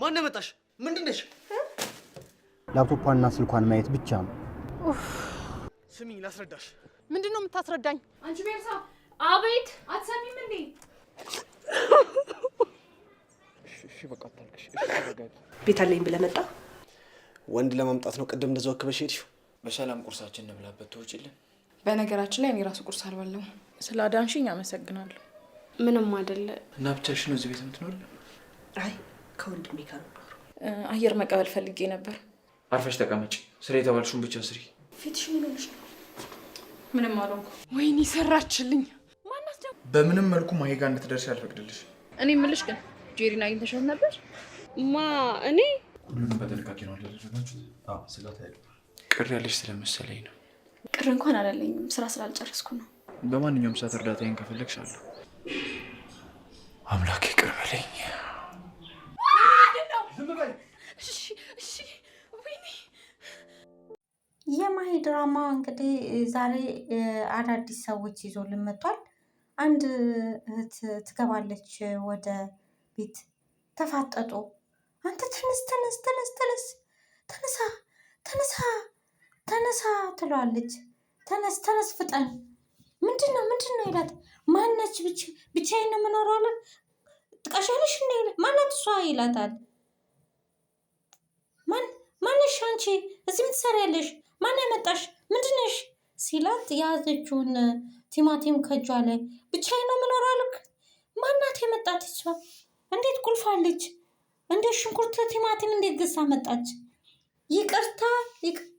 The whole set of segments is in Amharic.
ማን ያመጣሽ? ምንድነሽ? ላፕቶፓና ስልኳን ማየት ብቻ ነው። ስሚኝ ላስረዳሽ። ምንድን ነው የምታስረዳኝ? አንቺ ቤርሳ፣ አቤት። አትሰሚም እንዴ? ቤት አለኝ ብለህ መጣ ወንድ ለማምጣት ነው። ቅድም እንደዛ ወክበሽ ሄድሽው። በሰላም ቁርሳችን እንብላበት ትወጪልን። በነገራችን ላይ እኔ ራሱ ቁርስ አልበላሁም። ስለ አዳንሽኝ አመሰግናለሁ። ምንም አይደለ እና ብቻሽን ነው እዚህ ቤት የምትኖር? አይ ከወንድሜ ጋር ኖሩ። አየር መቀበል ፈልጌ ነበር። አርፈሽ ተቀመጭ። ስሬ የተባልሽውን ብቻ ስሪ። ፊትሽ ምን ሆነሽ ነው? ምንም አልሆንኩም። ወይኔ ሰራችልኝ። በምንም መልኩ ማሄ ጋር እንድትደርሽ ያልፈቅድልሽ። እኔ ምልሽ ግን ጄሪን አግኝተሻት ነበር? ማ እኔ ሁሉንም በጥንቃቄ ነው ቅር ያለሽ ስለመሰለኝ ነው። ቅር እንኳን አላለኝም፣ ስራ ስላልጨረስኩ ነው። በማንኛውም ሰዓት እርዳታዬን ከፈለግሻለሁ። አምላኬ ቅር በለኝ። የማሂ ድራማ እንግዲህ ዛሬ አዳዲስ ሰዎች ይዞ መጥቷል። አንድ እህት ትገባለች ወደ ቤት ተፋጠጡ። አንተ ተነስ ተነስ ተነስ ተነስ ተነሳ ተነሳ ተነሳ ትለዋለች። ተነስ ተነስ ፍጠን ምንድን ነው ምንድን ነው ይላት። ማነች ብቻዬን ነው የምኖረው አለ ጥቀሻለሽ እንደ ማናት እሷ ይላታል። ማነሽ አንቺ እዚህ ምትሰሪያለሽ? ማን ያመጣሽ? ምንድነሽ? ሲላት የያዘችውን ቲማቲም ከእጇ ላይ ብቻዬ ነው የምኖረው አልክ? ማናት የመጣት ይቻ እንዴት ቁልፋለች? እንደ ሽንኩርት ቲማቲም እንዴት ገዝታ መጣች? ይቅርታ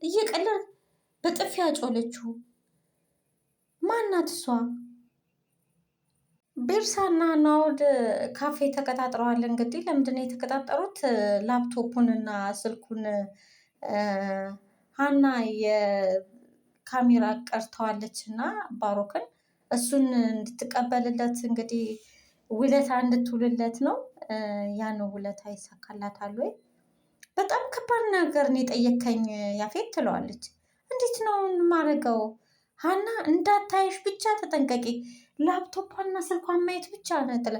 እየቀለር በጥፊ ያጮለችው ማናት እሷ? ቤርሳና ናውድ ካፌ ተቀጣጥረዋል። እንግዲህ ለምንድነው የተቀጣጠሩት? ላፕቶፑን እና ስልኩን ሀና የካሜራ ቀርተዋለች እና ባሮክን እሱን እንድትቀበልለት እንግዲህ ውለታ እንድትውልለት ነው። ያን ውለታ ይሳካላታል ወይ? በጣም ከባድ ነገር ነው የጠየከኝ ያፌት ትለዋለች። እንዴት ነው የማደርገው? ሀና እንዳታይሽ ብቻ ተጠንቀቂ፣ ላፕቶፓና ስልኳን ማየት ብቻ ነጥለ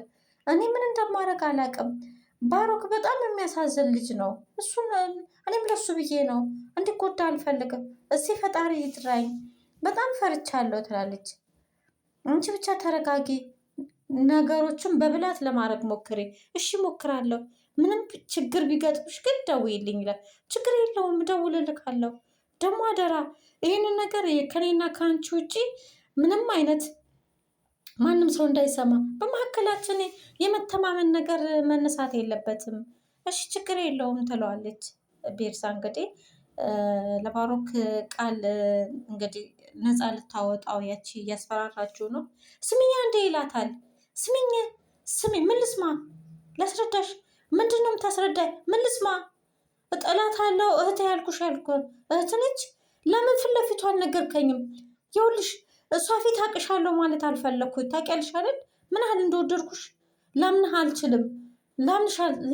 እኔ ምን እንደማደርግ አላውቅም። ባሮክ በጣም የሚያሳዝን ልጅ ነው። እሱን እኔም ለሱ ብዬ ነው እንዲጎዳ አልፈልግም። እዚህ ፈጣሪ ይጥራኝ፣ በጣም ፈርቻለሁ ትላለች። አንቺ ብቻ ተረጋጊ፣ ነገሮችን በብላት ለማድረግ ሞክሬ። እሺ ሞክራለሁ፣ ምንም ችግር ቢገጥምሽ ግን ደውይልኝ ይላል። ችግር የለውም እደውልልካለሁ። ደግሞ አደራ ይህንን ነገር ከኔና ከአንቺ ውጪ ምንም አይነት ማንም ሰው እንዳይሰማ በመካከላችን የመተማመን ነገር መነሳት የለበትም። እሺ ችግር የለውም ትለዋለች። ቤርሳ እንግዲህ ለባሮክ ቃል እንግዲህ ነፃ ልታወጣው ያቺ እያስፈራራችው ነው። ስሚኝ እንዴ ይላታል። ስሚኝ ስሚ፣ ምን ልስማ? ላስረዳሽ። ምንድን ነው የምታስረዳኝ? ምን ልስማ? ጠላት አለው እህት ያልኩሽ ያልኩ እህት ነች። ለምን ፊት ለፊቱ አልነገርከኝም? ይኸውልሽ እሷ ፊት አቅሻለሁ ማለት አልፈለግኩ። ታውቂያለሽ አይደል? ምን ያህል እንደወደድኩሽ ላምንህ አልችልም።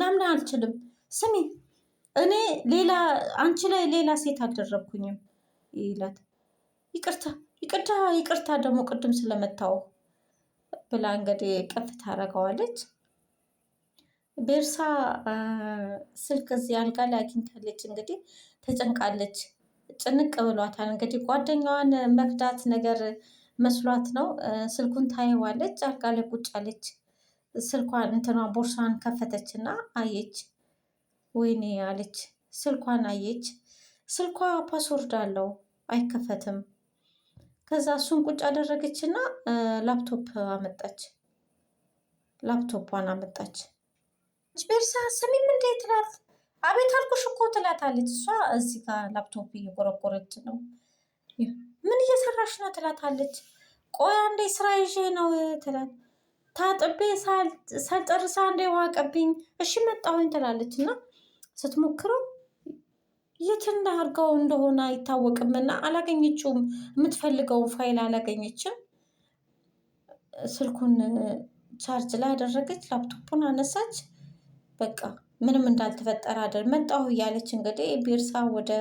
ላምንህ አልችልም። ስሚ እኔ ሌላ አንቺ ላይ ሌላ ሴት አልደረብኩኝም ይላት። ይቅርታ ይቅርታ ይቅርታ ደግሞ ቅድም ስለመታው ብላ እንግዲህ ቀፍ ታደርገዋለች። ቤርሳ ስልክ እዚህ አልጋ ላይ አግኝታለች። እንግዲህ ተጨንቃለች፣ ጭንቅ ብሏታል። እንግዲህ ጓደኛዋን መክዳት ነገር መስሏት ነው። ስልኩን ታየዋለች። አልጋ ላይ ቁጫለች ስልኳን እንትኗ ቦርሳን ከፈተች እና አየች። ወይኔ አለች። ስልኳን አየች። ስልኳ ፓስወርድ አለው አይከፈትም። ከዛ እሱን ቁጭ አደረገችና ላፕቶፕ አመጣች። ላፕቶፓን አመጣች። ቤርሳ ስሚም እንዴ ትላት። አቤት አልኩሽ እኮ ትላታለች። እሷ እዚህ ጋር ላፕቶፕ እየቆረቆረች ነው። ምን እየሰራሽ ነው ትላታለች። ቆይ አንዴ ስራ ይዤ ነው ትላት። ታጥቤ ሳልጨርስ እንዴ ዋቀብኝ። እሺ መጣሁኝ ትላለች እና ስትሞክረው የት እንዳርገው እንደሆነ አይታወቅምና አላገኘችውም። የምትፈልገውን ፋይል አላገኘችም። ስልኩን ቻርጅ ላይ አደረገች፣ ላፕቶፑን አነሳች። በቃ ምንም እንዳልተፈጠረ አደር መጣሁ እያለች እንግዲህ ቢርሳ ወደ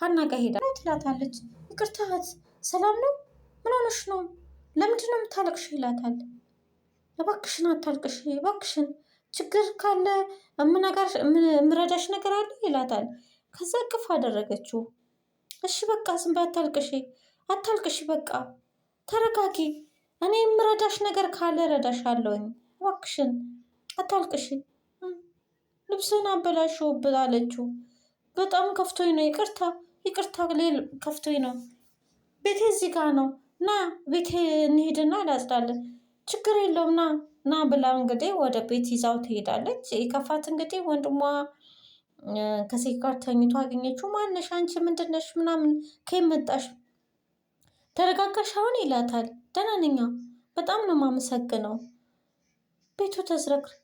ሀና ጋር ሄዳ ትላታለች። ይቅርታት ሰላም ነው? ምን ሆነሽ ነው? ለምንድን ነው የምታለቅሽ? ይላታል። እባክሽን አታልቅሽ፣ እባክሽን ችግር ካለ የምረዳሽ ነገር አለ ይላታል። ከዛ ቅፍ አደረገችው። እሺ በቃ ዝም በይ አታልቅሽ፣ አታልቅሺ፣ በቃ ተረጋጊ። እኔ የምረዳሽ ነገር ካለ ረዳሽ አለውኝ። እባክሽን አታልቅሽ፣ ልብስን አበላሽውብህ አለችው። በጣም ከፍቶኝ ነው፣ ይቅርታ፣ ይቅርታ፣ ሌል ከፍቶኝ ነው። ቤቴ እዚህ ጋ ነው፣ ና ቤቴ እንሄድና ላጽዳለን። ችግር የለውም ና ና ብላ እንግዲህ ወደ ቤት ይዛው ትሄዳለች። የከፋት እንግዲህ ወንድሟ ከሴት ጋር ተኝቶ አገኘችው። ማነሽ አንቺ ምንድነሽ? ምናምን ከመጣሽ ተረጋጋሽ አሁን ይላታል። ደህና ነኝ፣ በጣም ነው የማመሰግነው። ቤቱ ተዝረክር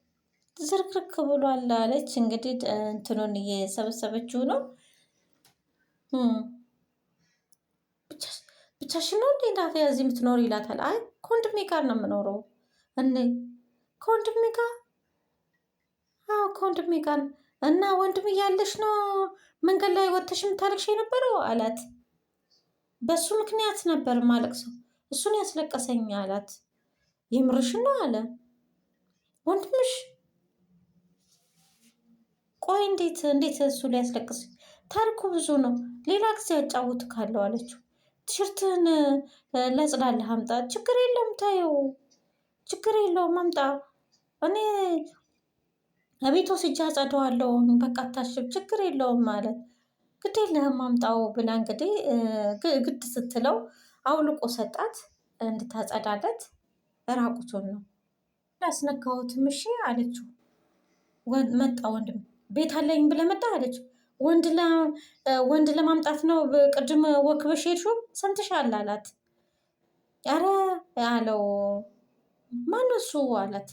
ዝርክርክ ብሏል አለች። እንግዲህ እንትኑን እየሰበሰበችው ነው። ብቻሽን ነው እንዴ? እናቴ የምትኖር ይላታል። አይ ከወንድሜ ጋር ነው የምኖረው እንዴ ከወንድሜ ጋር? አዎ ከወንድሜ ጋር እና ወንድም እያለሽ ነው መንገድ ላይ ወጥተሽ የምታለቅሽ የነበረው አላት። በሱ ምክንያት ነበር ማለቅሰው እሱን ያስለቀሰኝ አላት። የምርሽ ነው አለ ወንድምሽ። ቆይ እንዴት እንዴት እሱ ሊያስለቅስ ታሪኩ ብዙ ነው፣ ሌላ ጊዜ ያጫውት ካለው አለችው። ቲሸርትህን ለጽላለህ አምጣ፣ ችግር የለም ታየው ችግር የለውም አምጣ። እኔ እቤት ወስጄ አጸደዋለሁ በቃ አታሽብ፣ ችግር የለውም ማለት ግድ የለህም አምጣው ብላ እንግዲህ ግድ ስትለው አውልቆ ሰጣት እንድታጸዳለት። ራቁቱን ነው ያስነካሁት። ምሽ አለችው። መጣ ወንድም ቤት አለኝ ብለህ መጣ አለች። ወንድ ለማምጣት ነው ቅድም ወክበሽ ሄድሽው ሰምተሻል አላት። ኧረ አለው ማን እሱ አላት።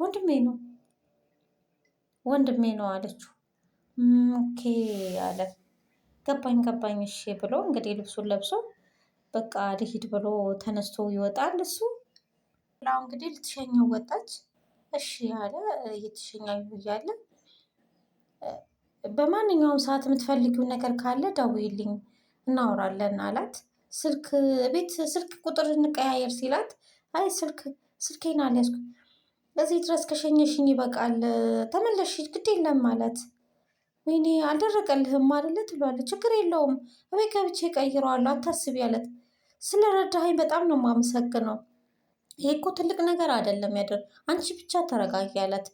ወንድሜ ነው ወንድሜ ነው አለችው። ኦኬ አለ። ገባኝ ገባኝ እሺ ብሎ እንግዲህ ልብሱን ለብሶ በቃ ልሂድ ብሎ ተነስቶ ይወጣል። እሱ ላው እንግዲህ ልትሸኘው ወጣች። እሺ አለ። እየተሸኛ እያለ በማንኛውም ሰዓት የምትፈልጊውን ነገር ካለ ደውይልኝ እናወራለን አላት። ስልክ ቤት ስልክ ቁጥር እንቀያየር ሲላት አይ ስልክ ስልኬን አልያዝኩም። በዚህ ድረስ ከሸኘሽኝ ይበቃል ተመለሽ ግድ የለም ማለት ወይኔ አልደረቀልህም አይደለ ትሏለች። ችግር የለውም እቤት ገብቼ እቀይረዋለሁ አታስቢ አለት። ስለረዳኸኝ በጣም ነው የማመሰግነው። ይሄ እኮ ትልቅ ነገር አይደለም ያደር አንቺ ብቻ ተረጋጊ አላት።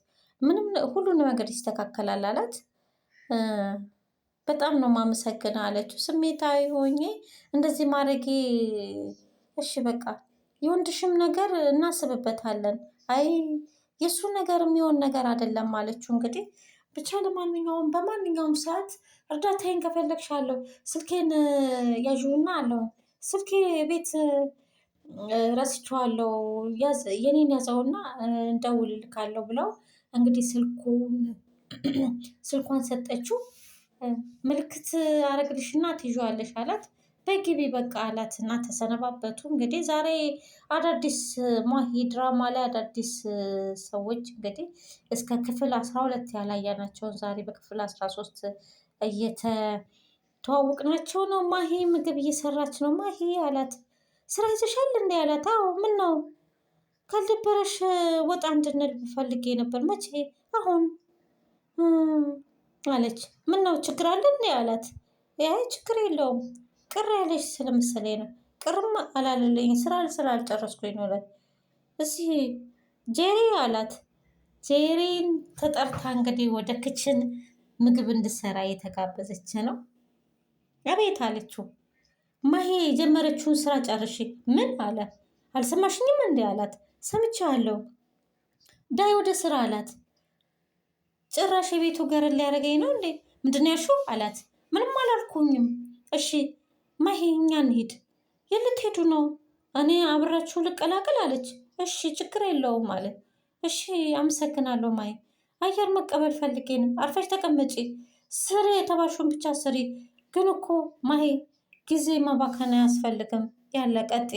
ምንም ሁሉን ነገር ይስተካከላል አላት። በጣም ነው የማመሰግነው አለችው። ስሜታዊ ሆኜ እንደዚህ ማድረጌ እሺ በቃ የወንድሽም ነገር እናስብበታለን። አይ የእሱ ነገር የሚሆን ነገር አይደለም ማለችው። እንግዲህ ብቻ ለማንኛውም በማንኛውም ሰዓት እርዳታዬን ከፈለግሻለሁ ስልኬን ያዥውና አለው ስልኬ ቤት ረስቼዋለሁ የኔን ያዘውና እንደውልልካለሁ ብለው እንግዲህ ስልኩን ስልኳን ሰጠችው። ምልክት አረግልሽና ትይዣዋለሽ አላት። በግቢ በቃ አላት እና ተሰነባበቱ። እንግዲህ ዛሬ አዳዲስ ማሂ ድራማ ላይ አዳዲስ ሰዎች እንግዲህ እስከ ክፍል አስራ ሁለት ያላያናቸውን ዛሬ በክፍል አስራ ሶስት እየተተዋወቅናቸው ነው። ማሂ ምግብ እየሰራች ነው። ማሂ አላት ስራ ይዘሻል እንደ ያላት። አዎ ምን ነው ካልደበረሽ ወጣ እንድንል ፈልጌ ነበር። መቼ አሁን አለች። ምን ነው ችግር አለ እንደ አላት። ያ ችግር የለውም ቅር ያለሽ ስለምሳሌ ነው። ቅርም አላለለኝ ስራ ስላልጨረስኩኝ ነው እላት። እዚህ ጄሪ አላት። ጄሪን ተጠርታ እንግዲህ ወደ ክችን ምግብ እንድሰራ እየተጋበዘች ነው። አቤት አለችው። ማሄ የጀመረችውን ስራ ጨርሽ። ምን አለ አልሰማሽኝም እንዴ አላት። ሰምቻለሁ። ዳይ ወደ ስራ አላት። ጭራሽ የቤቱ ገረድ ሊያደርገኝ ነው እንዴ? ምንድን ያልሺው አላት። ምንም አላልኩኝም። እሺ ማሄ እኛ እንሂድ። ነው? እኔ አብራችሁ ልቀላቀል አለች። እሺ ችግር የለውም አለ። እሺ አመሰግናለሁ ማይ። አየር መቀበል ፈልጌ ነው። አርፈሽ ተቀመጪ። ስሪ የተባሹን ብቻ ስሪ። ግን እኮ ማሄ ጊዜ ማባከን አያስፈልግም። ያለ ቀጤ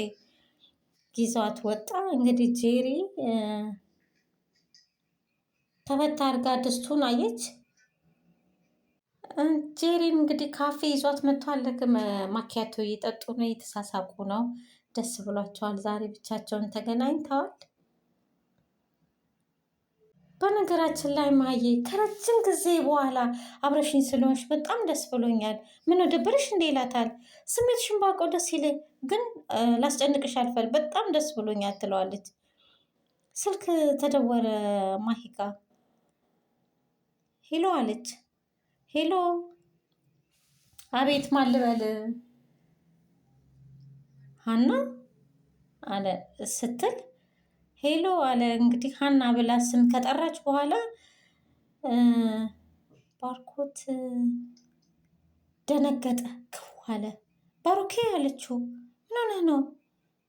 ጊዜዋት ወጣ። እንግዲህ ጄሪ ተፈታ አድርጋ ድስቱን አየች። ጄሪን እንግዲህ ካፌ ይዟት መጥቷል። ማኪያቶ እየጠጡ ነው፣ እየተሳሳቁ ነው፣ ደስ ብሏቸዋል። ዛሬ ብቻቸውን ተገናኝተዋል። በነገራችን ላይ ማየ ከረጅም ጊዜ በኋላ አብረሽኝ ስለሆንሽ በጣም ደስ ብሎኛል። ምን ደብርሽ እንዴ ይላታል። ስሜትሽን ባውቀው ደስ ይለኝ፣ ግን ላስጨንቅሽ አልፈል በጣም ደስ ብሎኛል ትለዋለች። ስልክ ተደወረ። ማሂ ጋ ሄሎ አለች። ሄሎ፣ አቤት፣ ማን ልበል? ሀና አለ ስትል ሄሎ አለ። እንግዲህ ሀና ብላ ስም ከጠራች በኋላ ባርኮት ደነገጠ፣ ክው አለ። ባሮኬ አለችው። ምን ሆነህ ነው?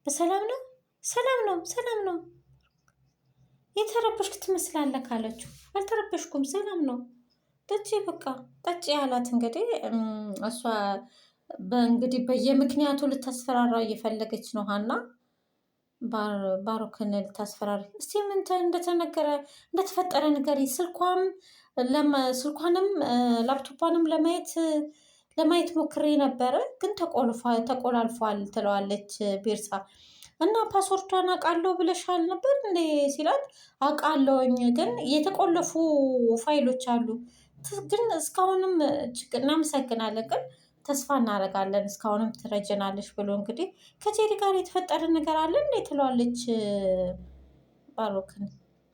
በሰላም ነው? ሰላም ነው፣ ሰላም ነው። የተረበሽክ ትመስላለህ አለችው። አልተረበሽኩም፣ ሰላም ነው ጠጪ በቃ ጠጪ ያላት እንግዲህ እሷ እንግዲህ በየምክንያቱ ልታስፈራራ እየፈለገች ነው ሀና ባሮክን ልታስፈራሪ እስቲ ምን እንደተነገረ እንደተፈጠረ ነገር ስልኳም ስልኳንም ላፕቶፓንም ለማየት ለማየት ሞክሬ ነበረ ግን ተቆላልፏል ትለዋለች ቤርሳ እና ፓስወርዷን አውቃለሁ ብለሻል ነበር እንዴ ሲላት አውቃለሁኝ ግን የተቆለፉ ፋይሎች አሉ ግን እስካሁንም እናመሰግናለን ግን ተስፋ እናደርጋለን እስካሁንም ትረጀናለች ብሎ እንግዲህ ከጄሪ ጋር የተፈጠረ ነገር አለ እንዴ ትለዋለች። ባሮክን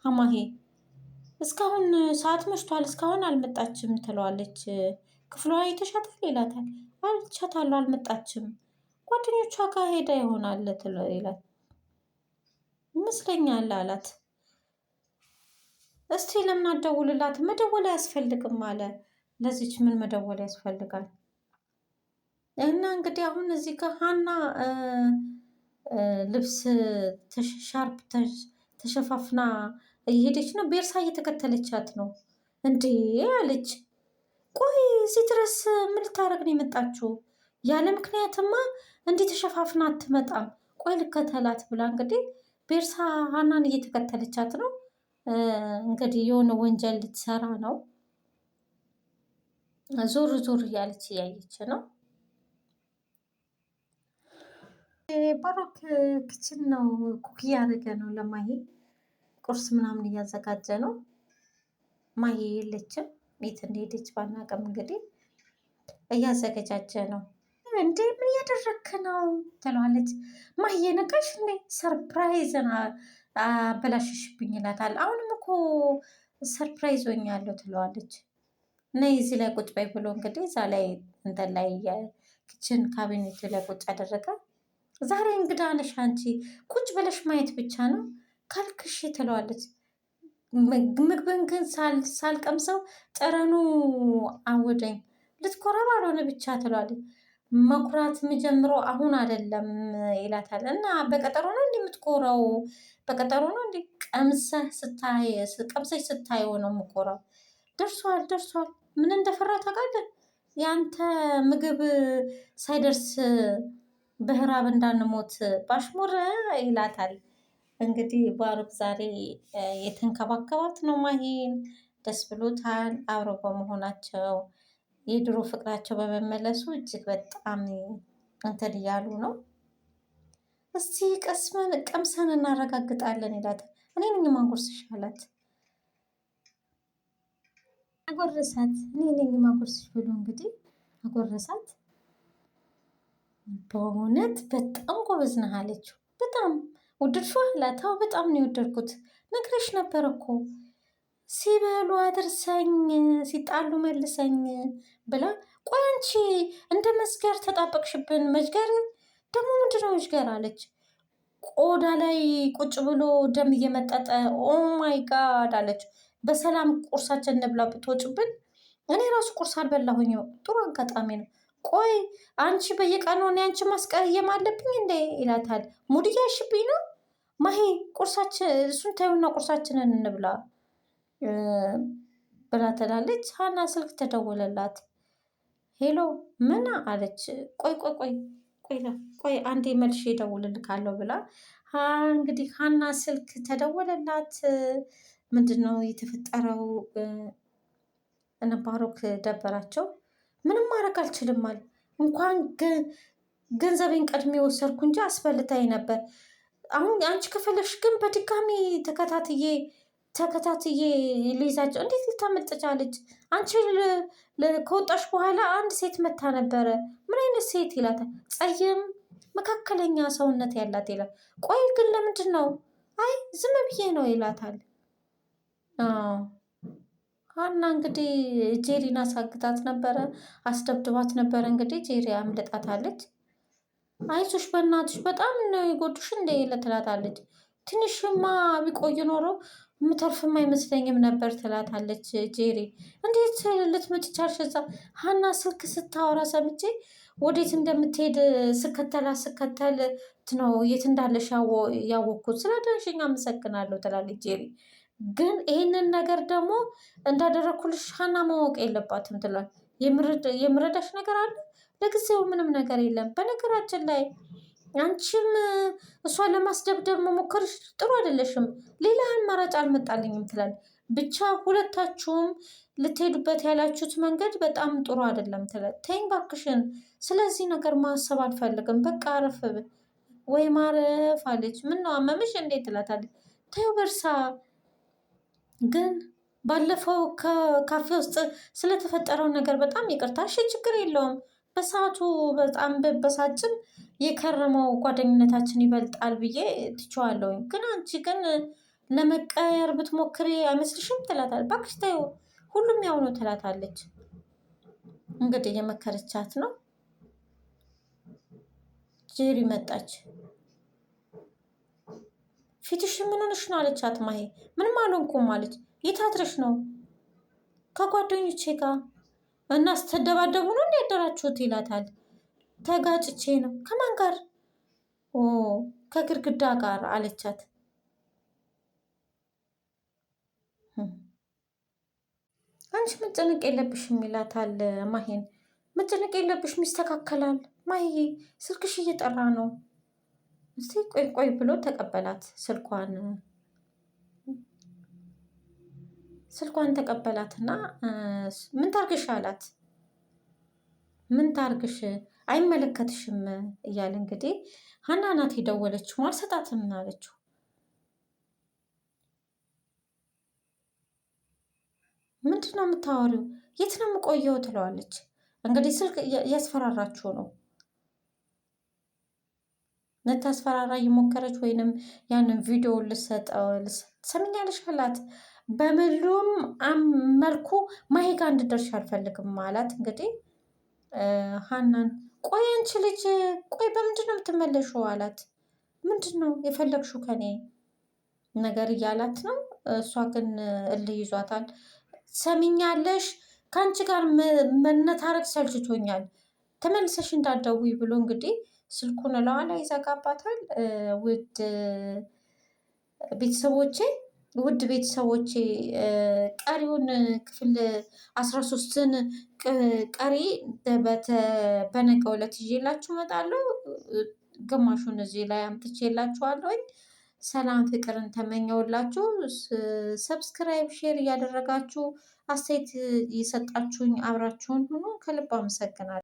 ሀማሄ እስካሁን ሰዓት መሽቷል፣ እስካሁን አልመጣችም ትለዋለች። ክፍሏ የተሻታል ይላታል። አልቻታለሁ፣ አልመጣችም ጓደኞቿ ጋር ሄዳ ይሆናል ይላል ይመስለኛል አላት። እስቲ ለምን አደውልላት መደወል አያስፈልግም አለ። ለዚች ምን መደወል ያስፈልጋል? እና እንግዲህ አሁን እዚህ ከሀና ልብስ ሻርፕ ተሸፋፍና እየሄደች ነው። ቤርሳ እየተከተለቻት ነው። እንዴ አለች። ቆይ እዚህ ድረስ ምን ልታደርግ ነው የመጣችው? ያለ ምክንያትማ እንዲህ ተሸፋፍና አትመጣም። ቆይ ልከተላት ብላ እንግዲህ ቤርሳ ሀናን እየተከተለቻት ነው። እንግዲህ የሆነ ወንጀል ልትሰራ ነው። ዞር ዞር እያለች እያየች ነው። ባሮክ ክችን ነው ኩክ እያደረገ ነው። ለማሄ ቁርስ ምናምን እያዘጋጀ ነው። ማሄ የለችም፣ ቤት እንደሄደች ባናውቅም እንግዲህ እያዘገጃጀ ነው። እንዴ ምን እያደረክ ነው ትለዋለች። ማሄ ነቃሽ እንዴ ሰርፕራይዝ አበላሽሽብኝ ይላታል። አሁንም እኮ ሰርፕራይዝ ሆኛለሁ ትለዋለች። እና የዚህ ላይ ቁጭ በይ ብሎ እንግዲህ እዛ ላይ እንትን ላይ የክችን ካቢኔት ላይ ቁጭ አደረገ። ዛሬ እንግዳ ነሽ አንቺ ቁጭ ብለሽ ማየት ብቻ ነው ካልክሽ ትለዋለች። ምግብን ግን ሳልቀምሰው ጠረኑ አወደኝ ልትኮረብ አልሆነ ብቻ ትለዋለች። መኩራት የምጀምረው አሁን አይደለም ይላታል። እና በቀጠሮ ነው ስትኮራው በቀጠሮ ነው እንዴ? ቀምሰህ ስታይ ቀምሰሽ ነው የምቆረው። ደርሷል ደርሷል። ምን እንደፈራ ታውቃለህ? የአንተ ምግብ ሳይደርስ በህራብ እንዳንሞት ባሽሙር ይላታል። እንግዲህ ባሩክ ዛሬ የተንከባከባት ነው ማሂን ደስ ብሎታል። አብረው በመሆናቸው የድሮ ፍቅራቸው በመመለሱ እጅግ በጣም እንትን እያሉ ነው። እስቲ ቀስመን ቀምሰን እናረጋግጣለን ይላታል። እኔ ነኝ ማጉርስሽ አላት። አጎረሳት። እኔ ነኝ ማጉርስሽ ብሎ እንግዲህ አጎረሳት። በእውነት በጣም ጎበዝ ነህ አለችው። በጣም ወደድሽው አላት። በጣም ነው የወደድኩት። ነግረሽ ነበር እኮ ሲበሉ አድርሰኝ፣ ሲጣሉ መልሰኝ ብላ ቆይ አንቺ እንደ መስገር ተጣበቅሽብን መጅገር ደግሞ ምንድነው ልጅ ጋር አለች። ቆዳ ላይ ቁጭ ብሎ ደም እየመጠጠ ኦ ማይ ጋድ አለች። በሰላም ቁርሳችን እንብላ ብትወጭብን፣ እኔ ራሱ ቁርስ አልበላሁኝ። ጥሩ አጋጣሚ ነው። ቆይ አንቺ በየቀኑ እኔ አንቺ ማስቀየም አለብኝ እንዴ ይላታል። ሙድያ እያልሽብኝ ነው ማሄ። ቁርሳችን እሱን ተይውና ቁርሳችንን እንብላ ብላ ትላለች። ሀና ስልክ ተደወለላት። ሄሎ ምን አለች። ቆይ ቆይ ቆይ ቆይ ቆይ አንዴ መልሼ እደውልልካለሁ ብላ እንግዲህ ሀና ስልክ ተደወለላት። ምንድን ነው የተፈጠረው? እነ ባሮክ ደበራቸው። ምንም ማድረግ አልችልም አሉ። እንኳን ገንዘቤን ቀድሜ ወሰድኩ እንጂ አስበልታኝ ነበር። አሁን አንቺ ከፈለግሽ ግን በድጋሚ ተከታትዬ ተከታትዬ ልይዛቸው። እንዴት ልታመልጥ ቻለች? አንቺ ከወጣሽ በኋላ አንድ ሴት መታ ነበረ። ምን አይነት ሴት ይላታል። ጸየም መካከለኛ ሰውነት ያላት ይላል። ቆይ ግን ለምንድን ነው? አይ ዝም ብዬ ነው ይላታል። አና እንግዲህ ጄሪን አሳግታት ነበረ፣ አስደብድባት ነበረ። እንግዲህ ጄሪ አምልጣታለች። አይዞሽ በእናትሽ በጣም ነው የጎዱሽ እንደ ትላታለች። ትንሽማ ቢቆይ ኖሮ የምተርፍም አይመስለኝም ነበር ትላታለች ጄሪ። እንዴት ልትመጪ ቻልሽ? እዛ ሀና ስልክ ስታወራ ሰምቼ ወዴት እንደምትሄድ ስከተላ ስከተል ነው የት እንዳለሽ ያወቅኩት። ስለደንሽኝ አመሰግናለሁ ትላለች ጄሪ። ግን ይህንን ነገር ደግሞ እንዳደረግኩልሽ ሀና ማወቅ የለባትም ትላል። የምረዳሽ ነገር አለ? ለጊዜው ምንም ነገር የለም። በነገራችን ላይ አንቺም እሷን ለማስደብደብ መሞከርሽ ጥሩ አይደለሽም። ሌላ አማራጭ አልመጣልኝም ትላል። ብቻ ሁለታችሁም ልትሄዱበት ያላችሁት መንገድ በጣም ጥሩ አይደለም ትላል። ተይኝ እባክሽን፣ ስለዚህ ነገር ማሰብ አልፈልግም። በቃ አረፍ ወይ ማረፍ አለች። ምን ነው አመምሽ እንዴት ትላታል። ተይው በርሳ ግን ባለፈው ከካፌ ውስጥ ስለተፈጠረው ነገር በጣም ይቅርታ። እሺ ችግር የለውም በሰዓቱ በጣም በበሳጭም የከረመው ጓደኝነታችን ይበልጣል ብዬ ትችዋለሁ ግን አንቺ ግን ለመቀየር ብትሞክሪ አይመስልሽም ትላታለች። እባክሽ ተይው ሁሉም ያው ነው ትላታለች። እንግዲህ የመከረቻት ነው። ጄሪ መጣች። ፊትሽ ምን ሆነሽ ነው አለቻት ማሄ። ምንም አልሆንኩም አለች። የት አድረሽ ነው? ከጓደኞቼ ጋር እና ስትደባደቡ ነው እንዲያደራችሁት ያደራችሁት? ይላታል። ተጋጭቼ ነው። ከማን ጋር? ከግድግዳ ጋር አለቻት። አንቺ መጨነቅ የለብሽም ይላታል ማሄን። መጨነቅ የለብሽም ይስተካከላል። ማሄ ስልክሽ እየጠራ ነው። እስኪ ቆይ ቆይ ብሎ ተቀበላት ስልኳን ስልኳን ተቀበላትና ምን ታርግሽ አላት። ምን ታርግሽ አይመለከትሽም እያለ እንግዲህ ሀና ናት የደወለችው፣ አልሰጣትም አለችው። ምንድን ነው የምታወሪው? የት ነው የምቆየው? ትለዋለች። እንግዲህ ስልክ እያስፈራራችሁ ነው ልታስፈራራ እየሞከረች ወይንም ያንን ቪዲዮ ልሰጠው ልሰጥ ሰምኛለሽ አላት። በምሉም መልኩ ማሄ ጋር እንድደርሽ አልፈልግም ማለት እንግዲህ ሀናን ቆይ አንቺ ልጅ ቆይ በምንድን ነው የምትመለሹ አላት። ምንድን ነው የፈለግሹ ከኔ ነገር እያላት ነው። እሷ ግን እልህ ይዟታል። ሰሚኛለሽ ከአንቺ ጋር መነታረቅ ሰልችቶኛል፣ ተመልሰሽ እንዳትደውይ ብሎ እንግዲህ ስልኩን እለዋ ይዘጋባታል። ውድ ቤተሰቦቼ ውድ ቤተሰቦቼ ቀሪውን ክፍል አስራ ሶስትን ቀሪ በነገው ዕለት ይዤላችሁ እመጣለሁ። ግማሹን እዚህ ላይ አምጥቼ የላችኋለሁኝ። ሰላም ፍቅርን ተመኘውላችሁ። ሰብስክራይብ፣ ሼር እያደረጋችሁ አስተያየት እየሰጣችሁኝ አብራችሁን ሁኑ። ከልብ አመሰግናለሁ።